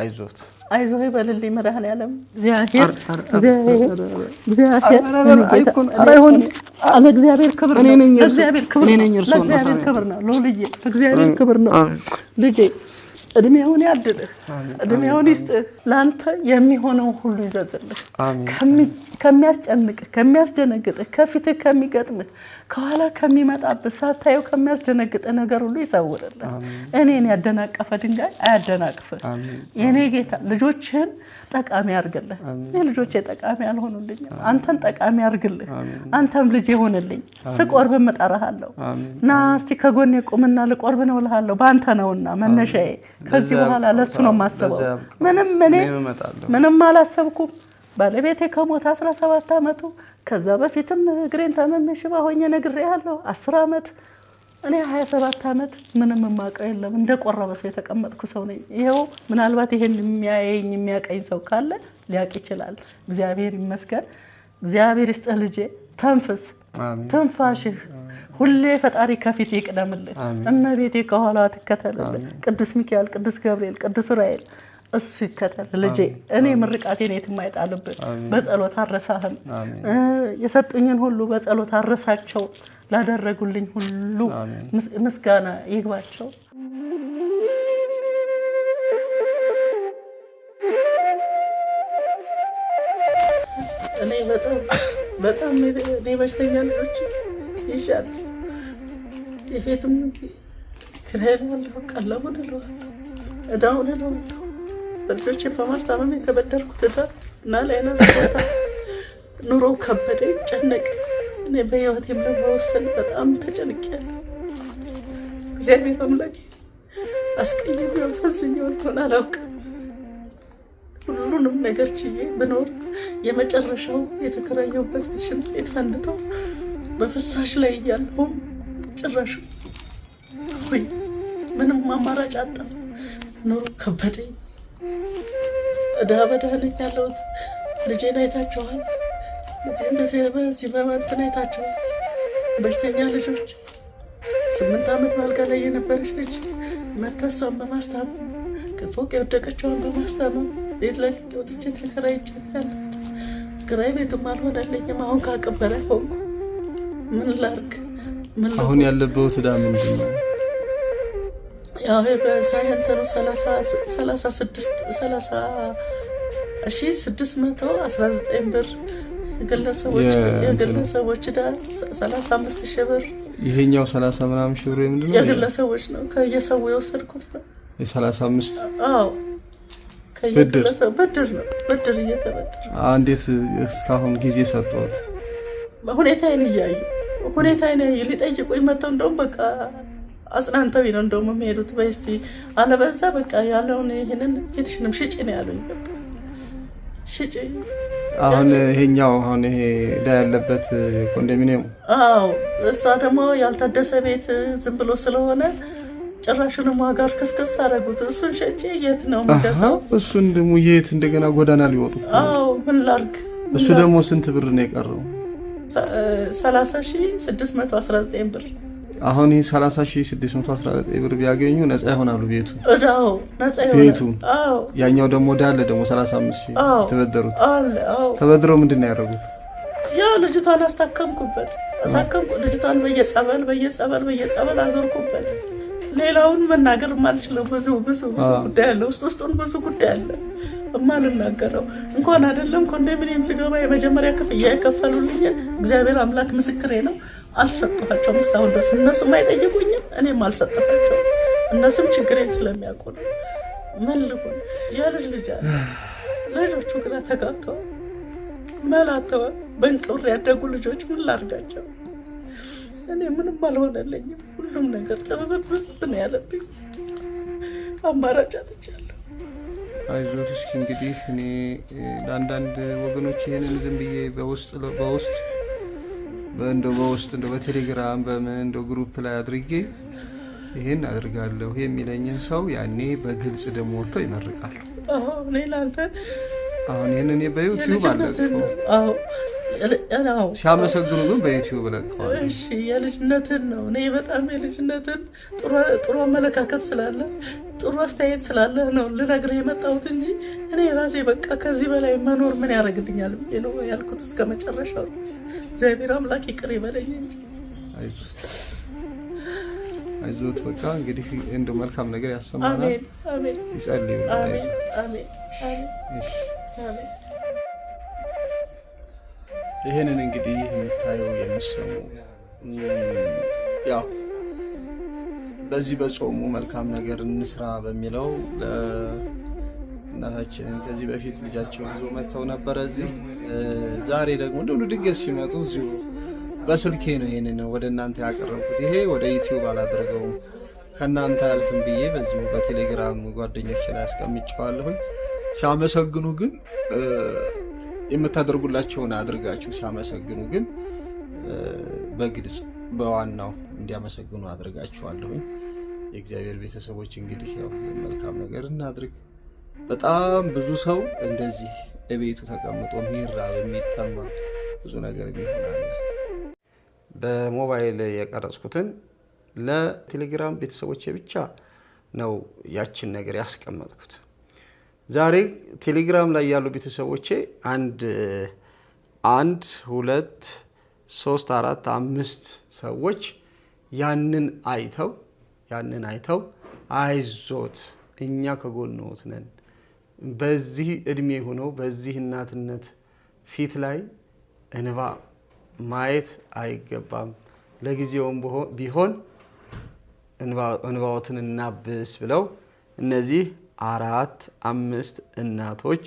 አይዞት አይዞህ ይበልልኝ መድኃኒዓለም እግዚአብሔር ክብር ነው። ክብር ነው። ልጄ እግዚአብሔር ክብር ነው። ልጄ እድሜውን ያድልህ፣ እድሜውን ይስጥህ። ለአንተ የሚሆነው ሁሉ ይዘዝልህ። ከሚያስጨንቅህ፣ ከሚያስደነግጥህ፣ ከፊትህ ከሚገጥምህ ከኋላ ከሚመጣብህ ሳታየው ከሚያስደነግጠ ነገር ሁሉ ይሰውርልን። እኔን ያደናቀፈ ድንጋይ አያደናቅፍ። የኔ ጌታ ልጆችህን ጠቃሚ አድርግልህ። እኔ ልጆቼ ጠቃሚ አልሆኑልኝም፣ አንተን ጠቃሚ አድርግልህ። አንተም ልጅ ይሆንልኝ። ስቆርብ እጠራሃለሁ። ና እስቲ ከጎኔ ቁምና ልቆርብ ነው እልሃለሁ። በአንተ ነውና መነሻዬ። ከዚህ በኋላ ለሱ ነው የማስበው። ምንም እኔ ምንም አላሰብኩም። ባለቤቴ ከሞት 17 ዓመቱ ከዛ በፊትም እግሬን ታመሜ ሽባ ሆኜ ነግሬሃለሁ። አስር ዓመት እኔ ሀያ ሰባት ዓመት ምንም የማውቀው የለም እንደ ቆረበ ሰው የተቀመጥኩ ሰው ነኝ። ይኸው ምናልባት ይሄን የሚያየኝ የሚያቀኝ ሰው ካለ ሊያውቅ ይችላል። እግዚአብሔር ይመስገን። እግዚአብሔር ይስጥህ ልጄ፣ ተንፍስ፣ ትንፋሽህ ሁሌ ፈጣሪ ከፊት ይቅደምልህ፣ እመቤቴ ከኋላ ትከተልልህ። ቅዱስ ሚካኤል፣ ቅዱስ ገብርኤል፣ ቅዱስ ራኤል እሱ ይከተል ልጄ። እኔ ምርቃቴን የትም አይጣልብን። በጸሎት አረሳህም። የሰጡኝን ሁሉ በጸሎት አረሳቸው። ላደረጉልኝ ሁሉ ምስጋና ይግባቸው። እኔ በጣም በጣም እኔ በሽተኛ ልጆች ይሻል የቤትም ክራይ አለሁ፣ ቀለሙን እለዋለሁ፣ እዳውን እለዋለሁ በልጆቼ በማስታመም የተበደርኩት ዕዳ እና ሌላ ቦታ ኑሮ ከበደ ጨነቀ። እኔ በህይወት ለመወሰን በጣም ተጨንቄያለሁ። እግዚአብሔር አምላኬ አስቀይም ያሳዝኘው እንደሆነ አላውቅም። ሁሉንም ነገር ችዬ ብኖር የመጨረሻው የተከራየሁበት ሽንት ቤት ፈንድተው በፍሳሽ ላይ እያለሁም ጭራሹ ምንም አማራጭ አጣ። ኑሮ ከበደኝ። እዳ በዳህነኝ ያለሁት ልጄን አይታችኋል። ልጄን በሲበባ እንትን አይታችኋል። በሽተኛ ልጆች ስምንት ዓመት ባልጋ ላይ የነበረች ልጅ መተሷን በማስታመም ከፎቅ የወደቀችዋን በማስታመም ቤት ለቅቄ ወጥቼ ተከራይቼ ያለሁት ግራይ ቤቱም አልሆነልኝም። አሁን ከአቅም ሆንኩ። ምን ላርግ? አሁን ያለበት እዳ ምንድን ነው? ሳይንተሩ ሰላሳ ስድስት ሰላሳ እሺ ስድስት መቶ አስራ ዘጠኝ ብር የግለሰቦች ዕዳ ሰላሳ አምስት ሺህ ብር ይሄኛው ሰላሳ ምናምን ብር ምንድን ነው? የግለሰቦች ነው ከየሰው የወሰድኩት ነው። የሰላሳ አምስት አዎ፣ ብድር ነው። ብድር እየተበደር እንዴት እስካሁን ጊዜ ሰጠሁት። ሁኔታዬን እያዩ ሁኔታዬን ያዩ ሊጠይቁኝ መጥተው እንደውም በቃ አጽናንተው ነው እንደውም የሚሄዱት። በስቲ እስኪ አለበዛ በቃ ያለውን ይህንን ቤትሽንም ሽጭ ነው ያሉኝ። ሽጭ። አሁን ይሄኛው አሁን ይሄ ዕዳ ያለበት ኮንዶሚኒየም። አዎ እሷ ደግሞ ያልታደሰ ቤት ዝም ብሎ ስለሆነ ጭራሹንም ዋጋ ከስከስ አደረጉት። እሱን ሸጬ የት ነው የምገዛው? እሱን ደግሞ የት እንደገና ጎዳና ሊወጡ። አዎ ምን ላድርግ? እሱ ደግሞ ስንት ብር ነው የቀረው? 30619 ብር አሁን ይህ 619 ብር ቢያገኙ ነፃ ይሆናሉ ቤቱ ቤቱ ያኛው ደግሞ ዳለ ደግሞ 35 ተበደሩት ተበድረው ምንድን ነው ያደረጉት ያው ልጅቷን አስታከምኩበት አሳከምኩ ልጅቷን በየጸበል በየጸበል በየጸበል አዞርኩበት ሌላውን መናገር ማልችለው ብዙ ብዙ ብዙ ጉዳይ አለ ውስጥ ውስጡን ብዙ ጉዳይ አለ የማልናገረው እንኳን አይደለም ኮንዶሚኒየም ስገባ የመጀመሪያ ክፍያ የከፈሉልኝን እግዚአብሔር አምላክ ምስክሬ ነው። አልሰጠኋቸውም እስካሁን ድረስ እነሱም አይጠይቁኝም፣ እኔም አልሰጠኋቸውም። እነሱም ችግሬን ስለሚያውቁ ነው። ምን የልጅ ልጅ አለ ልጆቹ ግራ ተጋብተዋል፣ መላተዋል። በእንቅብር ያደጉ ልጆች ምን ላርጋቸው? እኔ ምንም አልሆነለኝም። ሁሉም ነገር ጥብብብ ያለብኝ። አማራጭ አጥቻለሁ። አይዞሽ እንግዲህ እኔ ለአንዳንድ ወገኖች ይህንን ዝም ብዬ በውስጥ በውስጥ እንደው በውስጥ እንደ በቴሌግራም በምን እንደው ግሩፕ ላይ አድርጌ ይህን አድርጋለሁ የሚለኝን ሰው ያኔ በግልጽ ደግሞ ወጥቶ ይመርቃሉ። አሁን ይህን እኔ በዩቲዩብ አለቀው ሲያመሰግኑ ግን በዩቲዩብ ለቀዋል። የልጅነትን ነው እኔ በጣም የልጅነትን ጥሩ አመለካከት ስላለ ጥሩ አስተያየት ስላለ ነው ልነግርህ የመጣሁት እንጂ እኔ ራሴ በቃ ከዚህ በላይ መኖር ምን ያደርግልኛል ነው ያልኩት። እስከ መጨረሻው እግዚአብሔር አምላክ ይቅር ይበለኝ እንጂ አይዞት በቃ እንግዲህ እንደ መልካም ነገር ያሰማናል። ይጸልዩ። ይህንን እንግዲህ የምታዩ የምሰሙ ያው በዚህ በጾሙ መልካም ነገር እንስራ በሚለው እናታችንን ከዚህ በፊት ልጃቸው ይዞ መጥተው ነበረ እዚህ። ዛሬ ደግሞ እንደሁሉ ድንገት ሲመጡ እዚሁ በስልኬ ነው ይሄንን ወደ እናንተ ያቀረብኩት። ይሄ ወደ ዩትዩብ አላደረገውም ከእናንተ አልፍም ብዬ በዚሁ በቴሌግራም ጓደኞች ላይ አስቀምጨዋለሁኝ። ሲያመሰግኑ ግን የምታደርጉላቸውን አድርጋችሁ ሲያመሰግኑ ግን በግልጽ በዋናው እንዲያመሰግኑ አድርጋችኋለሁኝ። የእግዚአብሔር ቤተሰቦች እንግዲህ ያው መልካም ነገር እናድርግ። በጣም ብዙ ሰው እንደዚህ እቤቱ ተቀምጦ የሚራብ የሚጠማ ብዙ ነገር ይሆናል። በሞባይል የቀረጽኩትን ለቴሌግራም ቤተሰቦች ብቻ ነው ያችን ነገር ያስቀመጥኩት። ዛሬ ቴሌግራም ላይ ያሉ ቤተሰቦቼ አንድ አንድ ሁለት ሶስት አራት አምስት ሰዎች ያንን አይተው ያንን አይተው አይዞት እኛ ከጎንዎት ነን በዚህ እድሜ ሆነው በዚህ እናትነት ፊት ላይ እንባ ማየት አይገባም። ለጊዜውም ቢሆን እንባዎትን እናብስ ብለው እነዚህ አራት አምስት እናቶች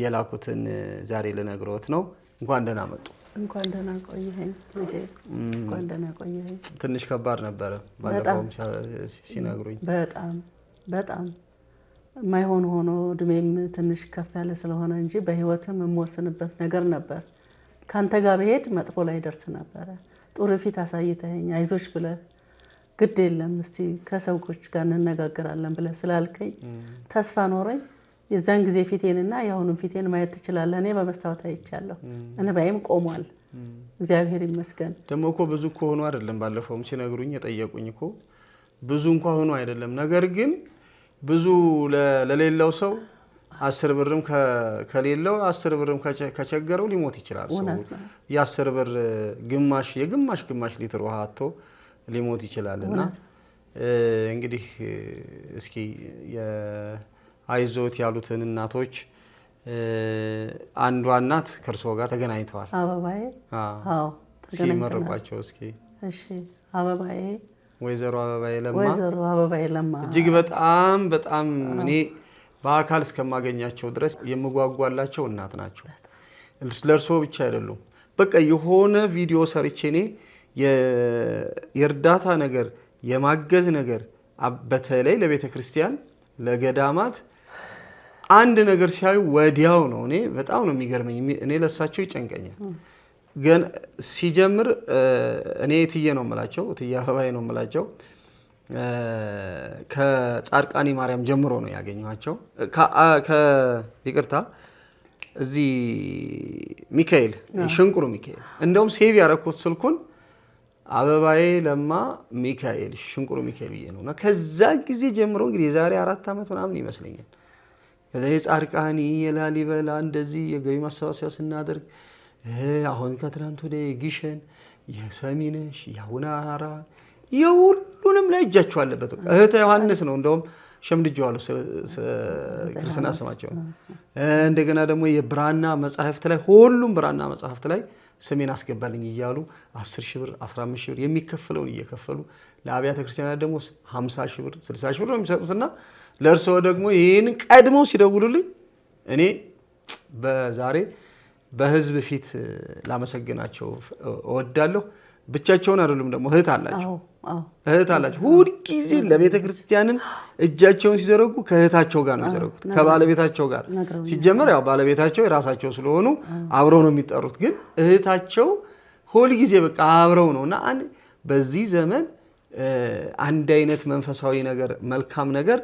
የላኩትን ዛሬ ልነግሮት ነው። እንኳን ደህና መጡ። እንኳን ደህና ቆየኸኝ እንኳን ትንሽ ከባድ ነበረ ባለፈውም ሲነግሩኝ፣ በጣም በጣም የማይሆን ሆኖ እድሜም ትንሽ ከፍ ያለ ስለሆነ እንጂ በህይወትም የምወስንበት ነገር ነበር። ከአንተ ጋር ብሄድ መጥፎ ላይ ደርስ ነበረ። ጥሩ ፊት አሳይተኸኝ አይዞች ብለህ ግድ የለም እስቲ ከሰዎች ጋር እንነጋገራለን ብለህ ስላልከኝ ተስፋ ኖረኝ። የዛን ጊዜ ፊቴንና የአሁኑን ፊቴን ማየት ትችላለህ። እኔ በመስታወት አይቻለሁ፣ እንባይም ቆሟል። እግዚአብሔር ይመስገን። ደግሞ እኮ ብዙ እኮ ሆኖ አይደለም ባለፈውም ሲነግሩኝ የጠየቁኝ እኮ ብዙ እንኳ ሆኖ አይደለም። ነገር ግን ብዙ ለሌለው ሰው አስር ብርም ከሌለው አስር ብርም ከቸገረው ሊሞት ይችላል ሰው የአስር ብር ግማሽ የግማሽ ግማሽ ሊትር ውሃ አቶ ሊሞት ይችላል እና እንግዲህ እስኪ አይዞት ያሉትን እናቶች አንዷ እናት ከእርስዎ ጋር ተገናኝተዋል። አበባዬ ሲመረቋቸው እስኪ አበባዬ ወይዘሮ አበባዬ ለማ ወይዘሮ አበባዬ ለማ እጅግ በጣም በጣም እኔ በአካል እስከማገኛቸው ድረስ የምጓጓላቸው እናት ናቸው። ለእርስዎ ብቻ አይደሉም። በቃ የሆነ ቪዲዮ ሰርቼ እኔ የእርዳታ ነገር የማገዝ ነገር በተለይ ለቤተ ክርስቲያን ለገዳማት አንድ ነገር ሲያዩ ወዲያው ነው። እኔ በጣም ነው የሚገርመኝ። እኔ ለሳቸው ይጨንቀኛል። ግን ሲጀምር እኔ እትዬ ነው የምላቸው፣ እትዬ አበባዬ ነው የምላቸው። ከጻድቃኒ ማርያም ጀምሮ ነው ያገኘኋቸው። ይቅርታ እዚህ ሚካኤል፣ ሽንቁሩ ሚካኤል እንደውም ሴቭ ያረኩት ስልኩን አበባዬ ለማ ሚካኤል ሽንቁሩ ሚካኤል ብዬ ነው እና ከዛ ጊዜ ጀምሮ እንግዲህ የዛሬ አራት ዓመት ምናምን ይመስለኛል ከዛ የጻድቃኒ የላሊበላ እንደዚህ የገቢ ማሰባሰቢያ ስናደርግ አሁን ከትናንት ወደ የጊሸን የሰሚነሽ የአቡነ አራ የሁሉንም ላይ እጃቸው አለበት። እህተ ዮሐንስ ነው እንደውም ሸምድጀዋሉ ክርስትና ስማቸውን። እንደገና ደግሞ የብራና መጽሐፍት ላይ ሁሉም ብራና መጽሐፍት ላይ ስሜን አስገባልኝ እያሉ 10 ሺህ ብር 15 ሺህ ብር የሚከፈለውን እየከፈሉ ለአብያተ ክርስቲያናት ደግሞ 50 ሺህ ብር 60 ሺህ ብር ነው የሚሰጡትና ለእርስዎ ደግሞ ይህን ቀድመው ሲደውሉልኝ እኔ በዛሬ በህዝብ ፊት ላመሰግናቸው እወዳለሁ። ብቻቸውን አይደሉም ደግሞ እህት አላቸው። እህት አላቸው። ሁልጊዜ ለቤተ ክርስቲያንም እጃቸውን ሲዘረጉ ከእህታቸው ጋር ነው የሚዘረጉት፣ ከባለቤታቸው ጋር ሲጀመር ያው ባለቤታቸው የራሳቸው ስለሆኑ አብረው ነው የሚጠሩት። ግን እህታቸው ሁልጊዜ በቃ አብረው ነው እና በዚህ ዘመን አንድ አይነት መንፈሳዊ ነገር መልካም ነገር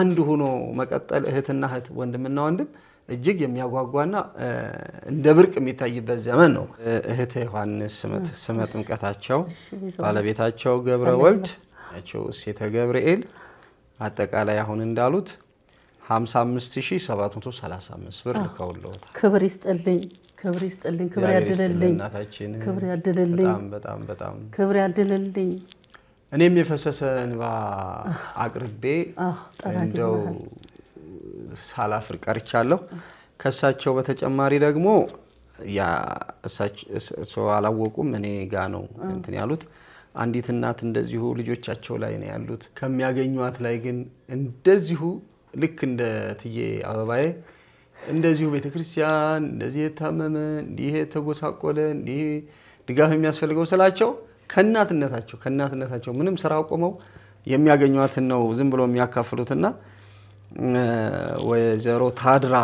አንድ ሆኖ መቀጠል እህትና እህት ወንድምና ወንድም እጅግ የሚያጓጓና እንደ ብርቅ የሚታይበት ዘመን ነው። እህተ ዮሐንስ ስመ ጥምቀታቸው ባለቤታቸው ገብረ ወልድ ናቸው። ሴተ ገብርኤል አጠቃላይ አሁን እንዳሉት 55735 ብር ልከውልዎታል። ክብር ይስጥልኝ ክብር ይስጥልኝ ክብር ያድልልኝ ክብር ያድልልኝ በጣም በጣም ክብር ያድልልኝ። እኔም የፈሰሰ እንባ አቅርቤ እንደው ሳላፍር ቀርቻለሁ። ከእሳቸው በተጨማሪ ደግሞ እሳቸው አላወቁም፣ እኔ ጋ ነው እንትን ያሉት። አንዲት እናት እንደዚሁ ልጆቻቸው ላይ ነው ያሉት። ከሚያገኟት ላይ ግን እንደዚሁ ልክ እንደ ትዬ አበባዬ እንደዚሁ ቤተክርስቲያን እንደዚህ የታመመ እንዲህ የተጎሳቆለ እንዲህ ድጋፍ የሚያስፈልገው ስላቸው ከእናትነታቸው ከእናትነታቸው ምንም ስራ አቁመው የሚያገኟትን ነው ዝም ብሎ የሚያካፍሉትና ወይዘሮ ታድራ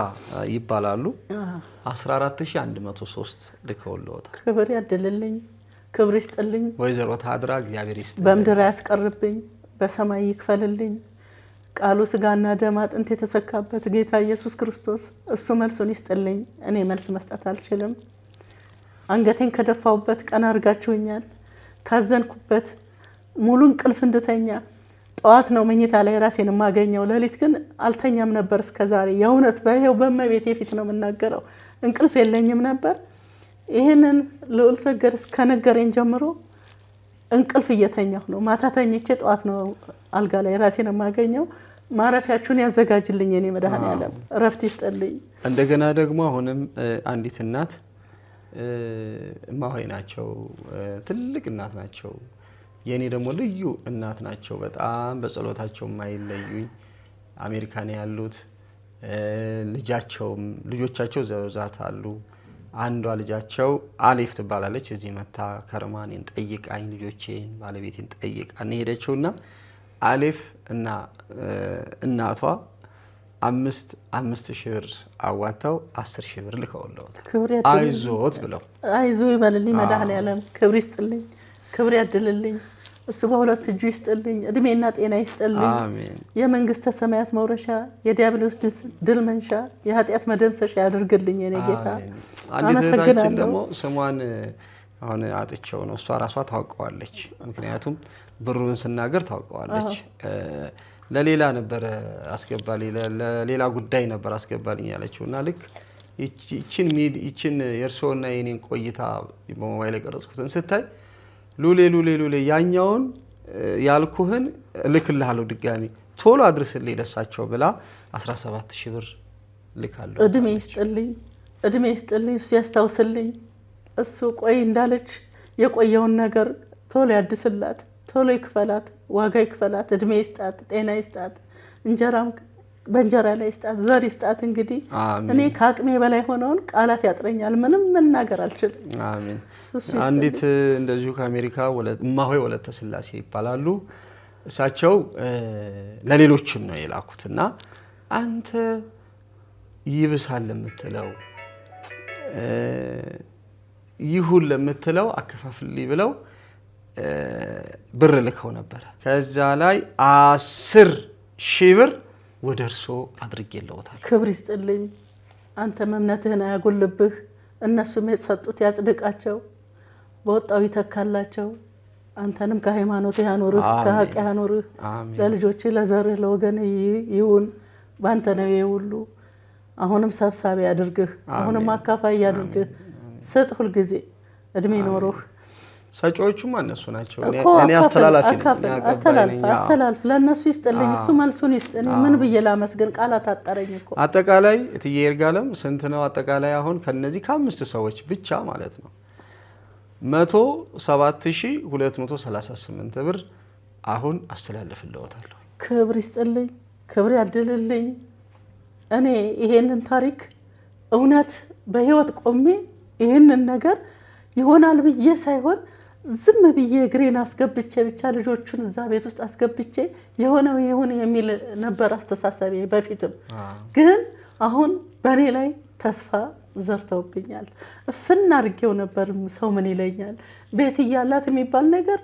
ይባላሉ። 14103 ልከውልዎታል። ክብር ያደልልኝ ክብር ይስጥልኝ። ወይዘሮ ታድራ እግዚአብሔር ይስጥልኝ፣ በምድር ያስቀርብኝ፣ በሰማይ ይክፈልልኝ። ቃሉ ስጋና ደም አጥንት የተሰካበት ጌታ ኢየሱስ ክርስቶስ እሱ መልሱን ይስጥልኝ። እኔ መልስ መስጠት አልችልም። አንገቴን ከደፋሁበት ቀን አድርጋችሁኛል። ካዘንኩበት ሙሉ እንቅልፍ እንድተኛ ጠዋት ነው መኝታ ላይ ራሴን የማገኘው። ሌሊት ግን አልተኛም ነበር እስከዛሬ። የእውነት በው በመቤት የፊት ነው የምናገረው፣ እንቅልፍ የለኝም ነበር። ይህንን ልዑል ሰገድ እስከነገረኝ ጀምሮ እንቅልፍ እየተኛሁ ነው። ማታ ተኝቼ ጠዋት ነው አልጋ ላይ ራሴን የማገኘው። ማረፊያችሁን ያዘጋጅልኝ እኔ መድኃኔዓለም፣ እረፍት ይስጥልኝ። እንደገና ደግሞ አሁንም አንዲት እናት እማሆይ ናቸው፣ ትልቅ እናት ናቸው። የእኔ ደግሞ ልዩ እናት ናቸው። በጣም በጸሎታቸው የማይለዩኝ አሜሪካን ያሉት ልጃቸውም ልጆቻቸው ዘውዛት አሉ። አንዷ ልጃቸው አሌፍ ትባላለች። እዚህ መታ ከርማ እኔን ጠይቃኝ ልጆቼን ባለቤቴን ጠይቃ ሄደችው እና አሌፍ እና እናቷ አምስት አምስት ሺህ ብር አዋታው አስር ሺህ ብር ልከውለዋል። አይዞት ብለው አይዞ ይበልልኝ መድኃኔዓለም ክብር ይስጥልኝ ክብር ያድልልኝ። እሱ በሁለት እጁ ይስጥልኝ፣ እድሜና ጤና ይስጥልኝ። የመንግስተ ሰማያት መውረሻ፣ የዲያብሎስ ድል መንሻ፣ የኃጢአት መደምሰሻ ያደርግልኝ የኔ ጌታ። አንዲት እህታችን ደግሞ ስሟን አሁን አጥቸው ነው፣ እሷ ራሷ ታውቀዋለች። ምክንያቱም ብሩን ስናገር ታውቀዋለች። ለሌላ ነበረ አስገባል ለሌላ ጉዳይ ነበር አስገባልኝ ያለችው እና ልክ ይችን የእርስዎና የኔን ቆይታ በሞባይል የቀረጽኩትን ስታይ ሉሌ ሉሌ ሉሌ ያኛውን ያልኩህን እልክልሃለሁ ድጋሚ ቶሎ አድርስልኝ ለሳቸው ብላ 17 ሺህ ብር ልካለሁ። እድሜ ይስጥልኝ፣ እድሜ ይስጥልኝ፣ እሱ ያስታውስልኝ፣ እሱ ቆይ እንዳለች የቆየውን ነገር ቶሎ ያድስላት፣ ቶሎ ይክፈላት፣ ዋጋ ይክፈላት፣ እድሜ ይስጣት፣ ጤና ይስጣት፣ እንጀራም በእንጀራ ላይ ስጣት፣ ዘር ስጣት። እንግዲህ እኔ ከአቅሜ በላይ ሆነውን ቃላት ያጥረኛል፣ ምንም መናገር አልችልም። አሜን። አንዲት እንደዚሁ ከአሜሪካ እማሆይ ወለተ ስላሴ ይባላሉ። እሳቸው ለሌሎችም ነው የላኩት እና አንተ ይብሳል ለምትለው ይሁን ለምትለው አከፋፍልኝ ብለው ብር ልከው ነበረ። ከዛ ላይ አስር ሺህ ብር ወደ እርሶ አድርጌ ክብር ይስጥልኝ። አንተም እምነትህን አያጎልብህ፣ እነሱም የሰጡት ያጽድቃቸው፣ በወጣው ይተካላቸው። አንተንም ከሃይማኖት ያኖርህ፣ ከሀቅ ያኖርህ፣ ለልጆች ለዘርህ፣ ለወገን ይሁን። በአንተ ነው ሁሉ። አሁንም ሰብሳቢ ያድርግህ፣ አሁንም አካፋይ ያድርግህ። ስጥ ሁልጊዜ እድሜ ኖሮህ ሰጪዎቹም እነሱ ናቸው። እኔ አስተላላፊ አስተላልፍ ለእነሱ ይስጥልኝ፣ እሱ መልሱን ይስጥ። ምን ብዬ ላመስግን? ቃላት አጠረኝ እኮ። አጠቃላይ እትዬ ይርጋለም ስንት ነው? አጠቃላይ አሁን ከነዚህ ከአምስት ሰዎች ብቻ ማለት ነው መቶ ብር አሁን አስተላልፍልዎታለሁ። ክብር ይስጥልኝ፣ ክብር ያድልልኝ። እኔ ይሄንን ታሪክ እውነት በህይወት ቆሜ ይህንን ነገር ይሆናል ብዬ ሳይሆን ዝም ብዬ እግሬን አስገብቼ ብቻ ልጆቹን እዛ ቤት ውስጥ አስገብቼ የሆነው ይሁን የሚል ነበር አስተሳሰቤ በፊትም። ግን አሁን በእኔ ላይ ተስፋ ዘርተውብኛል። እፍና አድርጌው ነበር። ሰው ምን ይለኛል? ቤት እያላት የሚባል ነገር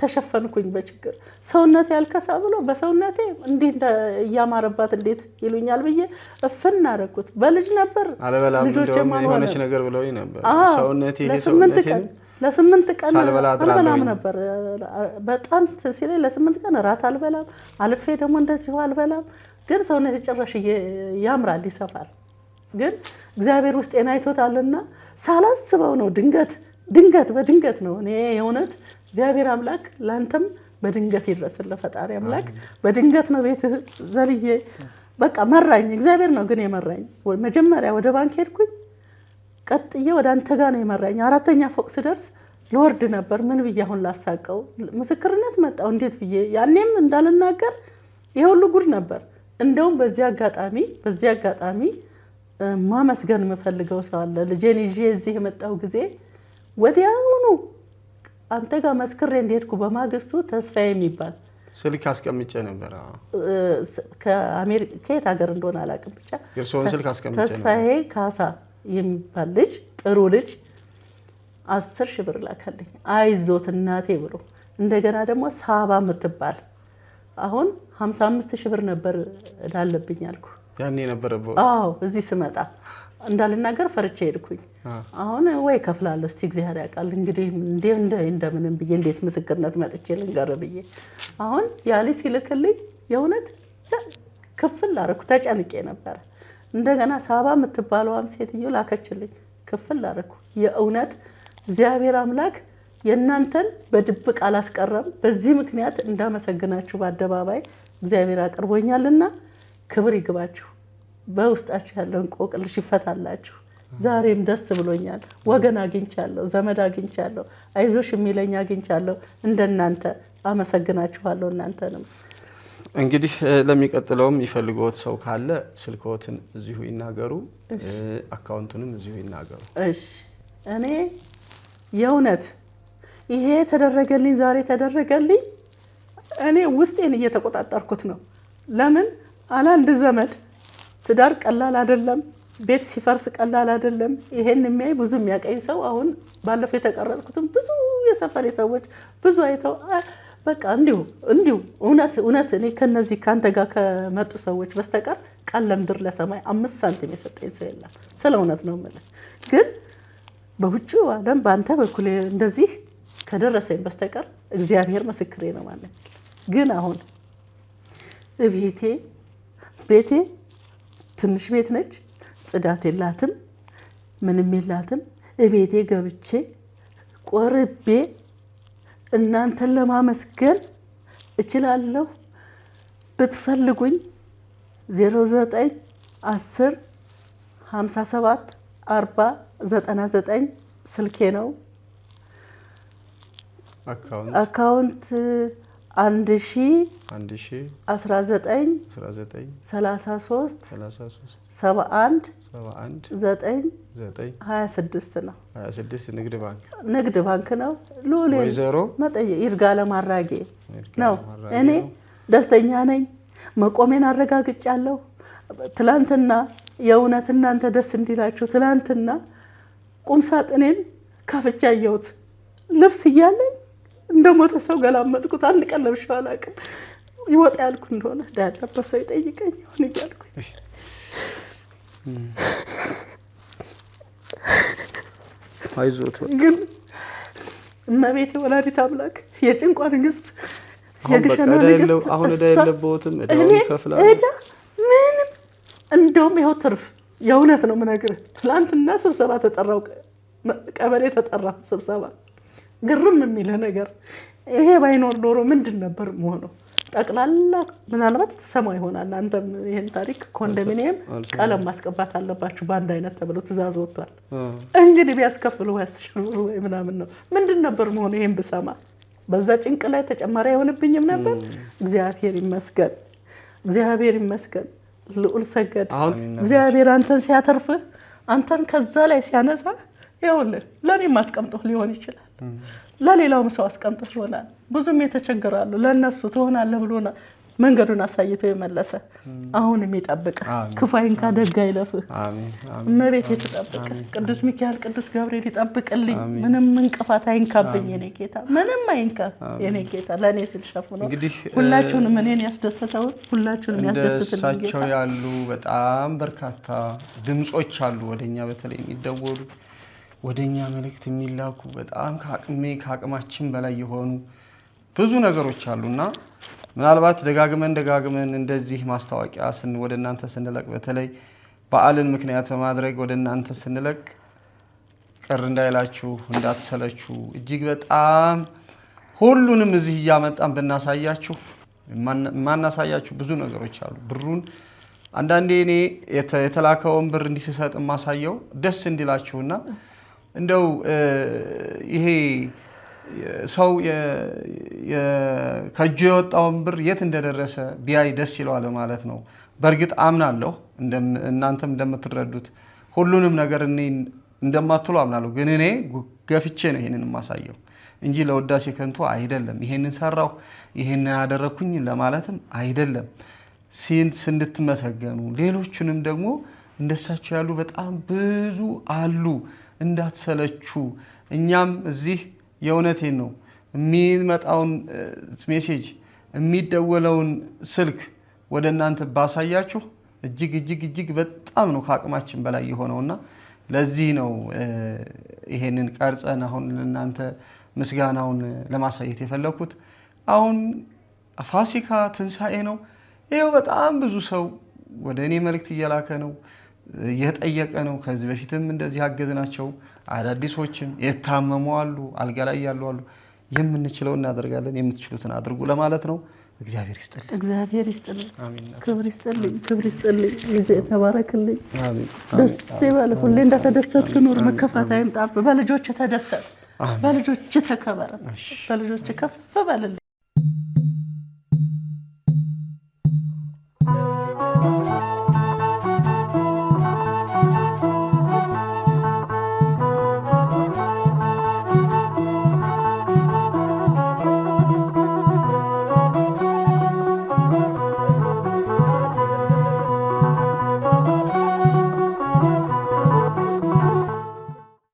ተሸፈንኩኝ በችግር ሰውነቴ ያልከሳ ብሎ በሰውነቴ እንዲህ እያማረባት እንዴት ይሉኛል ብዬ እፍና አደረኩት። በልጅ ነበር ልጆች የሆነች ነገር ብለው ነበር ሰውነቴ ለስምንት ቀን አልበላም ነበር። በጣም ሲለኝ ለስምንት ቀን እራት አልበላም፣ አልፌ ደግሞ እንደዚሁ አልበላም። ግን ሰውነት ጭራሽ ያምራል፣ ይሰፋል። ግን እግዚአብሔር ውስጥ ጤና አይቶታልና ሳላስበው ነው ድንገት ድንገት በድንገት ነው። እኔ የእውነት እግዚአብሔር አምላክ ለአንተም በድንገት ይድረስል። ፈጣሪ አምላክ በድንገት ነው ቤት ዘልዬ በቃ መራኝ። እግዚአብሔር ነው ግን የመራኝ። መጀመሪያ ወደ ባንክ ሄድኩኝ። ቀጥዬ ወደ አንተ ጋር ነው የመራኝ። አራተኛ ፎቅ ስደርስ ለወርድ ነበር። ምን ብዬ አሁን ላሳቀው? ምስክርነት መጣው እንዴት ብዬ ያኔም እንዳልናገር ይሄ ሁሉ ጉድ ነበር። እንደውም በዚህ አጋጣሚ በዚህ አጋጣሚ ማመስገን የምፈልገው ሰው አለ። ልጄን ይዤ እዚህ የመጣው ጊዜ ወዲያውኑ አንተ ጋር መስክሬ እንደሄድኩ በማግስቱ ተስፋ የሚባል ስልክ አስቀምጬ ነበረ። ከአሜሪካ ከየት ሀገር እንደሆነ አላውቅም፣ ብቻ ተስፋዬ ካሳ የሚባል ልጅ ጥሩ ልጅ አስር ሺህ ብር ላካልኝ አይዞት እናቴ ብሎ እንደገና ደግሞ ሳባ የምትባል አሁን ሀምሳ አምስት ሺህ ብር ነበር እዳለብኝ አልኩ። ያኔ ነበረ። አዎ እዚህ ስመጣ እንዳልናገር ፈርቼ ሄድኩኝ። አሁን ወይ ከፍላለሁ እስቲ እግዚአብሔር ያውቃል እንግዲህ እንደምንም ብዬ እንዴት ምስክርነት መጥቼ ልንገር ብዬ አሁን ያሊ ሲልክልኝ የእውነት ክፍል አደረኩ። ተጨንቄ ነበረ። እንደገና ሳባ የምትባለዋም ሴትዮ ላከችልኝ። ክፍል ላረኩ። የእውነት እግዚአብሔር አምላክ የእናንተን በድብቅ አላስቀረም። በዚህ ምክንያት እንዳመሰግናችሁ በአደባባይ እግዚአብሔር አቅርቦኛልና ክብር ይግባችሁ። በውስጣችሁ ያለውን ቆቅልሽ ይፈታላችሁ። ዛሬም ደስ ብሎኛል። ወገን አግኝቻለሁ፣ ዘመድ አግኝቻለሁ፣ አይዞሽ የሚለኝ አግኝቻለሁ። እንደናንተ አመሰግናችኋለሁ እናንተንም እንግዲህ ለሚቀጥለውም ይፈልገዎት ሰው ካለ ስልክዎትን እዚሁ ይናገሩ፣ አካውንቱንም እዚሁ ይናገሩ። እሺ እኔ የእውነት ይሄ ተደረገልኝ፣ ዛሬ ተደረገልኝ። እኔ ውስጤን እየተቆጣጠርኩት ነው። ለምን አላንድ ዘመድ ትዳር ቀላል አይደለም፣ ቤት ሲፈርስ ቀላል አይደለም። ይሄን የሚያይ ብዙ የሚያቀኝ ሰው አሁን ባለፈው የተቀረጥኩትም ብዙ የሰፈሬ ሰዎች ብዙ አይተው በቃ እንዲሁ እንዲሁ እውነት እውነት እኔ ከነዚህ ከአንተ ጋር ከመጡ ሰዎች በስተቀር ቃል ለምድር ለሰማይ አምስት ሳንቲም የሰጠኝ ሰው የለም። ስለ እውነት ነው የምልህ። ግን በውጩ ዓለም በአንተ በኩል እንደዚህ ከደረሰኝ በስተቀር እግዚአብሔር ምስክሬ ነው ማለት ግን አሁን እቤቴ ቤቴ ትንሽ ቤት ነች። ጽዳት የላትም፣ ምንም የላትም። እቤቴ ገብቼ ቆርቤ እናንተን ለማመስገን እችላለሁ። ብትፈልጉኝ 09 10 57 40 99 ስልኬ ነው። አካውንት አንድ ሺ አንድ ሺ አስራ ዘጠኝ አስራ ዘጠኝ ሰላሳ ሶስት ሰላሳ ሶስት ሰባ አንድ ሰባ አንድ ዘጠኝ ዘጠኝ ሀያ ስድስት ነው። ሀያ ስድስት ንግድ ባንክ ንግድ ባንክ ነው። ሉሌ ወይዘሮ መጠየቅ ይርጋለም አራጌ ነው። እኔ ደስተኛ ነኝ። መቆሜን አረጋግጫለሁ። ትላንትና የእውነት እናንተ ደስ እንዲላችሁ ትላንትና ቁምሳጥኔን ከፍቻ አየሁት ልብስ እያለኝ እንደ ሞተ ሰው ገላመጥኩት። አንድ ቀን ለብሼው አላውቅም። ይወጣ ያልኩ እንደሆነ ዳ ያለበት ሰው ይጠይቀኝ ይሆን እያልኩ አይዞት ግን እመቤቴ ወላዲት አምላክ የጭንቋ ንግስት የግሸና አሁን እዳ የለበትም። እዳውን ይከፍላል። ምንም እንደውም ይኸው ትርፍ የእውነት ነው የምነግርህ። ትላንትና ስብሰባ ተጠራው፣ ቀበሌ ተጠራ ስብሰባ ግርም የሚለ ነገር ይሄ ባይኖር ኖሮ ምንድን ነበር መሆነው? ጠቅላላ ምናልባት ተሰማ ይሆናል። አንተም ይህን ታሪክ ኮንዶሚኒየም ቀለም ማስቀባት አለባችሁ በአንድ አይነት ተብሎ ትእዛዝ ወጥቷል። እንግዲህ ቢያስከፍሉ ያስሽሩ ወይ ምናምን ነው ምንድን ነበር መሆኑ? ይህን ብሰማ በዛ ጭንቅ ላይ ተጨማሪ አይሆንብኝም ነበር። እግዚአብሔር ይመስገን፣ እግዚአብሔር ይመስገን። ልዑል ሰገድ እግዚአብሔር አንተን ሲያተርፍህ አንተን ከዛ ላይ ሲያነሳ ይኸውልህ ለእኔም አስቀምጦ ሊሆን ይችላል፣ ለሌላውም ሰው አስቀምጦ ይሆናል። ብዙም የተቸግራሉ ለእነሱ ትሆናለህ ብሎ መንገዱን አሳይቶ የመለሰ አሁንም ይጠብቅህ። ክፋይን ካደጋ አይለፍህ። እመቤት የተጠብቅህ ቅዱስ ሚካኤል፣ ቅዱስ ገብርኤል ይጠብቅልኝ። ምንም እንቅፋት አይንካብኝ የኔ ጌታ፣ ምንም አይንካ የኔ ጌታ። ለእኔ ስል ሸፍኖ ሁላችሁንም እኔን ያስደሰተውን ሁላችሁንም ያስደስትልኝ ያሉ በጣም በርካታ ድምፆች አሉ ወደኛ በተለይ የሚደወሉ ወደ እኛ መልእክት የሚላኩ በጣም ከአቅሜ ከአቅማችን በላይ የሆኑ ብዙ ነገሮች አሉና ምናልባት ደጋግመን ደጋግመን እንደዚህ ማስታወቂያ ወደ እናንተ ስንለቅ በተለይ በዓልን ምክንያት በማድረግ ወደ እናንተ ስንለቅ ቅር እንዳይላችሁ እንዳትሰለችሁ እጅግ በጣም ሁሉንም እዚህ እያመጣን ብናሳያችሁ የማናሳያችሁ ብዙ ነገሮች አሉ። ብሩን አንዳንዴ እኔ የተላከውን ብር እንዲስሰጥ የማሳየው ደስ እንዲላችሁና እንደው ይሄ ሰው ከእጁ የወጣውን ብር የት እንደደረሰ ቢያይ ደስ ይለዋል ማለት ነው። በእርግጥ አምናለሁ፣ እናንተም እንደምትረዱት ሁሉንም ነገር እኔ እንደማትሉ አምናለሁ። ግን እኔ ገፍቼ ነው ይሄንን የማሳየው እንጂ ለውዳሴ ከንቱ አይደለም። ይሄንን ሰራሁ ይሄንን አደረግኩኝ ለማለትም አይደለም። ስንድትመሰገኑ ሌሎቹንም ደግሞ እንደሳቸው ያሉ በጣም ብዙ አሉ። እንዳትሰለቹ። እኛም እዚህ የእውነቴን ነው የሚመጣውን ሜሴጅ የሚደወለውን ስልክ ወደ እናንተ ባሳያችሁ እጅግ እጅግ እጅግ በጣም ነው ከአቅማችን በላይ የሆነውና ለዚህ ነው ይሄንን ቀርጸን አሁን ለእናንተ ምስጋናውን ለማሳየት የፈለኩት። አሁን ፋሲካ ትንሣኤ ነው። ይኸው በጣም ብዙ ሰው ወደ እኔ መልእክት እየላከ ነው። የጠየቀ ነው። ከዚህ በፊትም እንደዚህ ያገዝናቸው አዳዲሶችም የታመሙ አሉ፣ አልጋ ላይ ያሉ አሉ። የምንችለው እናደርጋለን፣ የምትችሉትን አድርጉ ለማለት ነው። እግዚአብሔር ይስጥልኝ፣ እግዚአብሔር ይስጥልኝ፣ ክብር ይስጥልኝ፣ ክብር ይስጥልኝ። ጊዜ ተባረክልኝ። ደስ ይበል። ሁሌ እንደተደሰትክ ኑር። መከፋት አይምጣብህ። በልጆች ተደሰት፣ በልጆች ተከበረ፣ በልጆች ከፍ በልልኝ።